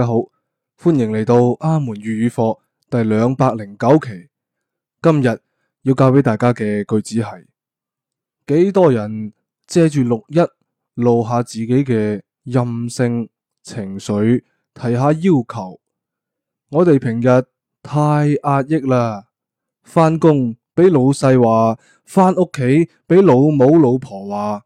大家好，歡迎嚟到阿門粵語課第兩百零九期。今日要教俾大家嘅句子係：幾多人借住六一露下自己嘅任性情緒，提下要求。我哋平日太壓抑啦，返工俾老細話，返屋企俾老母老婆話，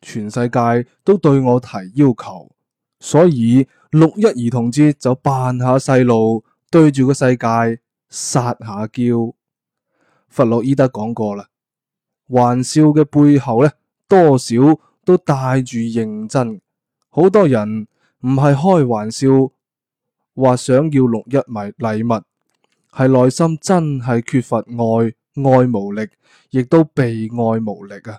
全世界都對我提要求，所以，六一兒童節就扮下細路，對住個世界撒下嬌。弗洛伊德講過啦，玩笑嘅背後咧，多少都帶住認真。好多人唔係開玩笑，話想要六一迷禮物，係內心真係缺乏愛，愛無力，亦都被愛無力噶。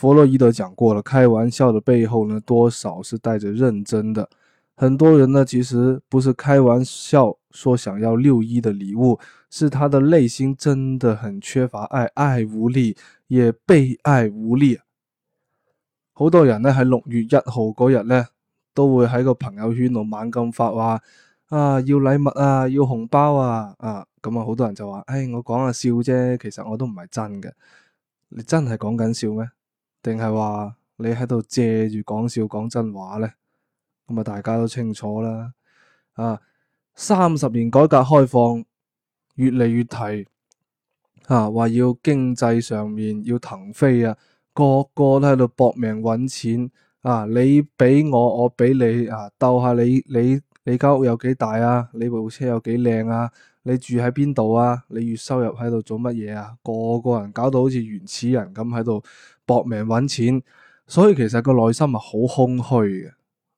弗洛伊德講過了，開玩笑的背後呢，多少是帶着認真的。很多人呢，其實不是開玩笑說想要六一的禮物，是他的內心真的很缺乏愛，愛無力，也被愛無力。好多人呢喺六月一號嗰日呢，都會喺個朋友圈度猛咁發話，啊要禮物啊，要紅包啊，啊咁啊，好多人就話，唉、哎、我講下笑啫，其實我都唔係真嘅，你真係講緊笑咩？定係話你喺度借住講笑講真話咧，咁啊大家都清楚啦。啊，三十年改革開放越嚟越提，啊話要經濟上面要騰飛啊，個個都喺度搏命搵錢啊，你俾我，我俾你啊，鬥下你你你間屋有幾大啊，你部車有幾靚啊，你住喺邊度啊，你月收入喺度做乜嘢啊，個個人搞到好似原始人咁喺度。搏命搵錢，所以其實個內心係好空虛嘅，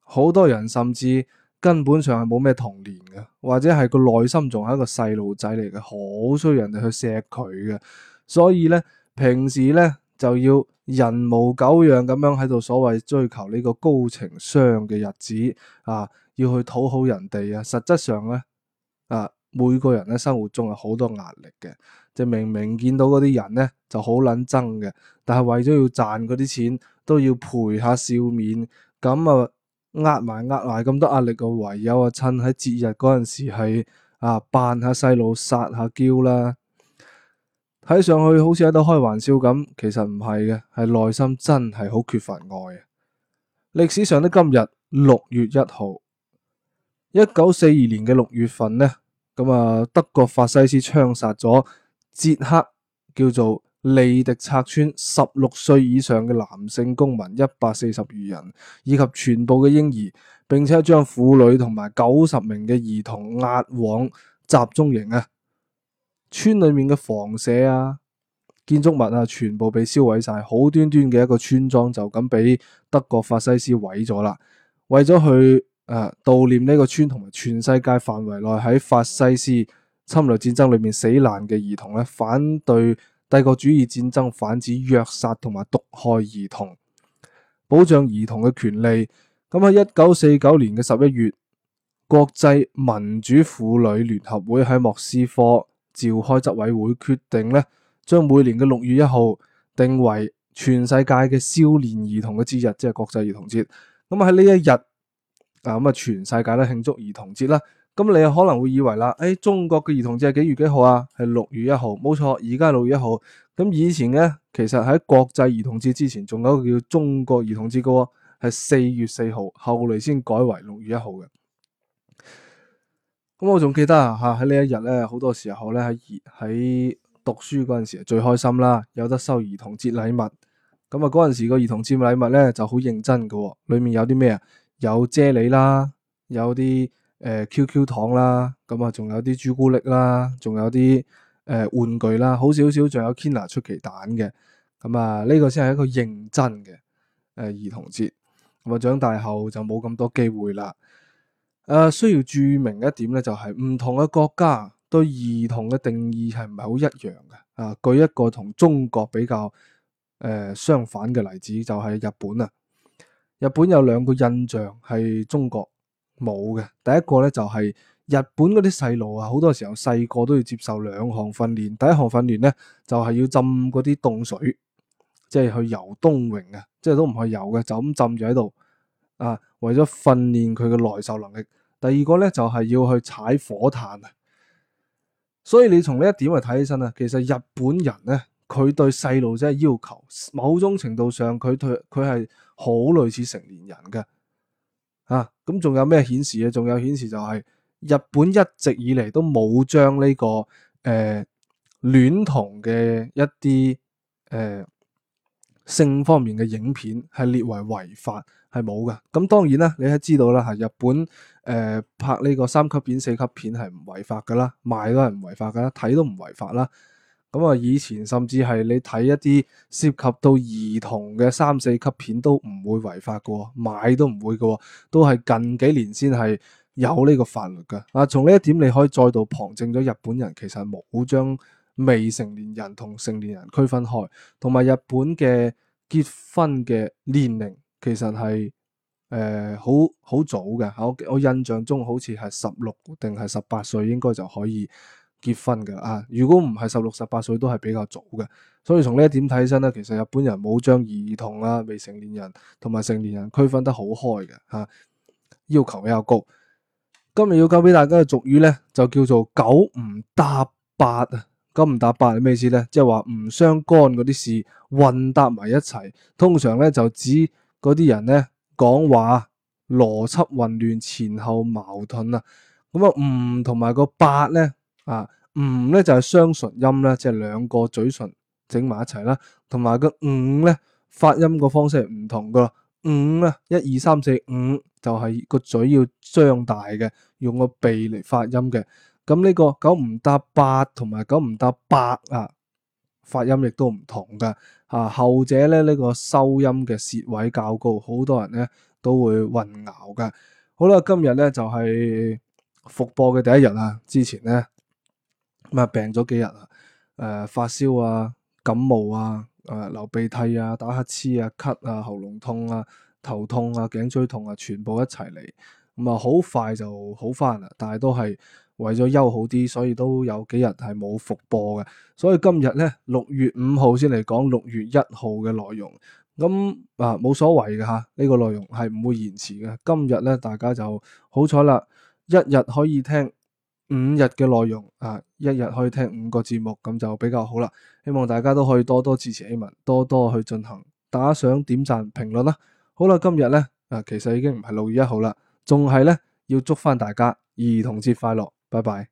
好多人甚至根本上係冇咩童年嘅，或者係個內心仲係一個細路仔嚟嘅，好需要人哋去錫佢嘅。所以咧，平時咧就要人模狗樣咁樣喺度所謂追求呢個高情商嘅日子啊，要去討好人哋啊，實質上咧啊。每個人喺生活中係好多壓力嘅，即明明見到嗰啲人咧就好捻憎嘅，但係為咗要賺嗰啲錢都要賠下笑面，咁啊呃埋呃埋咁多壓力嘅，唯有啊趁喺節日嗰陣時係啊扮下細路撒下嬌啦，睇上去好似喺度開玩笑咁，其實唔係嘅，係內心真係好缺乏愛啊。歷史上的今日六月一號，一九四二年嘅六月份呢？咁啊，德國法西斯槍殺咗捷克叫做利迪策村十六歲以上嘅男性公民一百四十餘人，以及全部嘅嬰兒，並且將婦女同埋九十名嘅兒童押往集中營啊！村裏面嘅房舍啊、建築物啊，全部被燒毀晒，好端端嘅一個村莊就咁俾德國法西斯毀咗啦，為咗去。誒，悼念呢個村同埋全世界範圍內喺法西斯侵略戰爭裏面死難嘅兒童咧，反對帝國主義戰爭，反止虐殺同埋毒害兒童，保障兒童嘅權利。咁喺一九四九年嘅十一月，國際民主婦女聯合會喺莫斯科召開執委會，決定咧將每年嘅六月一號定為全世界嘅少年兒童嘅節日，即係國際兒童節。咁喺呢一日。嗱，咁啊，全世界都慶祝兒童節啦。咁你可能會以為啦，誒、哎，中國嘅兒童節係幾月幾號啊？係六月一號，冇錯，而家係六月一號。咁以前咧，其實喺國際兒童節之前，仲有一個叫中國兒童節個、哦，係四月四號，後嚟先改為六月一號嘅。咁我仲記得啊，吓喺呢一日咧，好多時候咧喺喺讀書嗰陣時係最開心啦，有得收兒童節禮物。咁啊，嗰陣時個兒童節禮物咧就好認真嘅、哦，裏面有啲咩啊？有啫喱啦，有啲誒、呃、QQ 糖啦，咁啊，仲有啲朱古力啦，仲有啲誒、呃、玩具啦，好少少，仲有 Kinder 出奇蛋嘅，咁、嗯、啊，呢、這個先係一個認真嘅誒、呃、兒童節，咁、嗯、啊，長大後就冇咁多機會啦。誒、呃，需要註明一點咧，就係、是、唔同嘅國家對兒童嘅定義係唔係好一樣嘅。啊，舉一個同中國比較誒、呃、相反嘅例子，就係、是、日本啊。日本有兩個印象係中國冇嘅，第一個咧就係日本嗰啲細路啊，好多時候細個都要接受兩項訓練，第一項訓練咧就係要浸嗰啲凍水，即係去游冬泳啊，即係都唔去游嘅，就咁浸住喺度啊，為咗訓練佢嘅耐受能力。第二個咧就係要去踩火炭啊，所以你從呢一點去睇起身啊，其實日本人咧。佢對細路仔係要求，某種程度上佢佢係好類似成年人嘅啊！咁仲有咩顯示呀？仲有顯示就係、是、日本一直以嚟都冇將呢、這個誒、呃、戀童嘅一啲誒、呃、性方面嘅影片係列為違法，係冇嘅。咁當然啦，你係知道啦嚇，日本誒、呃、拍呢個三級片、四級片係唔違法噶啦，賣都係唔違法噶啦，睇都唔違法啦。咁啊！以前甚至係你睇一啲涉及到兒童嘅三四級片都唔會違法㗎喎，買都唔會㗎喎，都係近幾年先係有呢個法律噶。啊，從呢一點你可以再度旁證咗日本人其實冇將未成年人同成年人區分開，同埋日本嘅結婚嘅年齡其實係誒好好早嘅。我我印象中好似係十六定係十八歲應該就可以。結婚嘅啊，如果唔係十六、十八歲都係比較早嘅，所以從呢一點睇起身咧，其實日本人冇將兒童啊、未成年人同埋成年人區分得好開嘅嚇、啊，要求比較高。今日要教俾大家嘅俗語咧，就叫做九唔搭八，九唔搭八係咩意思咧？即係話唔相干嗰啲事混搭埋一齊，通常咧就指嗰啲人咧講話邏輯混亂、前後矛盾啊。咁、嗯、啊，唔同埋個八咧。啊，唔、嗯、咧就係、是、雙唇音咧，即係兩個嘴唇整埋一齊啦，同埋個五、嗯、咧發音個方式係唔同噶、嗯。五啊，一二三四五就係、是、個嘴要張大嘅，用個鼻嚟發音嘅。咁呢個九唔搭八同埋九唔搭八啊，發音亦都唔同噶。啊，後者咧呢、這個收音嘅舌位較高，好多人咧都會混淆噶。好啦，今日咧就係、是、復播嘅第一日喇，之前咧。咁啊，病咗幾日啊？誒、呃，發燒啊，感冒啊，誒、呃，流鼻涕啊，打乞嗤啊，咳啊，喉嚨痛啊，頭痛啊，頸椎痛啊，全部一齊嚟。咁、呃、啊，好快就好翻啦。但係都係為咗休好啲，所以都有幾日係冇復播嘅。所以今日咧，六月五號先嚟講六月一號嘅內容。咁、嗯、啊，冇、呃、所謂嘅嚇，呢、這個內容係唔會延遲嘅。今日咧，大家就好彩啦，一日可以聽五日嘅內容啊，一日可以聽五個節目，咁就比較好啦。希望大家都可以多多支持阿門，多多去進行打賞、點讚、評論啦。好啦，今日咧啊，其實已經唔係六月一號啦，仲係咧要祝返大家兒童節快樂，拜拜。